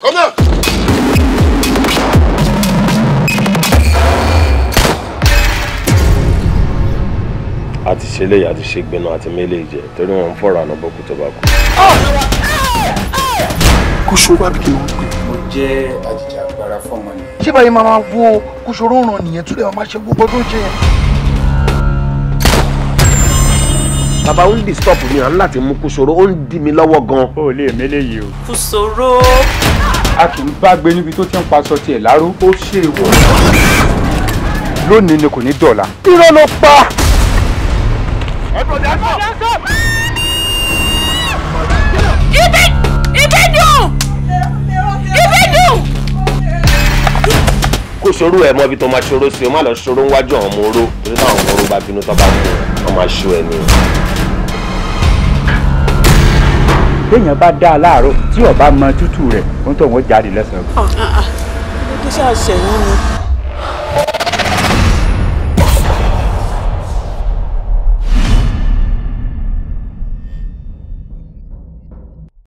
Kom dan! a ti ṣe léyìí a ti ṣe gbẹnu àti mélèé jẹ torí wọn ń fọ̀rọ̀ àná bọ́kú tó bá kú. kúṣòro àbíkẹ́ wọn pè. mo jẹ́ ajìjàgbara fọ́ọ̀mù ni. ṣé báyìí máa máa wo kúṣòro ràn nìyẹn tó lè máa ṣe gbogbo tó ń bàbá ó ń disturb mi à ń láti mú kúṣòro ó ń dì mí lọ́wọ́ gan-an. o ò lè mélèé yìí o. kúṣòro a kì í bá gbé níbi tó ti ń paṣọ tiẹ̀ láró. ó ṣe ìwọ. lónìí ni kò ní dọ̀la. irọ́ ló pa. ẹ̀kọ́dà kọ́. ibi ibi dùn ibi dùn. kó ṣòro ẹ mọ ibi tó máa ṣòro sí o má lọ ṣòro níwájú àwọn ọmọ oró torí táwọn ọmọ oró bá bínú tó bá bínú wọn máa ṣó ẹ nìyẹn téèyàn bá dá láàárọ̀ tí ó mọ tútù rẹ̀ ó ń wọ́n jáde lẹ́sàn-án. ọ̀hún ah, ah, ah. ọ̀hún ló dé sáà ṣẹ̀yìn ni.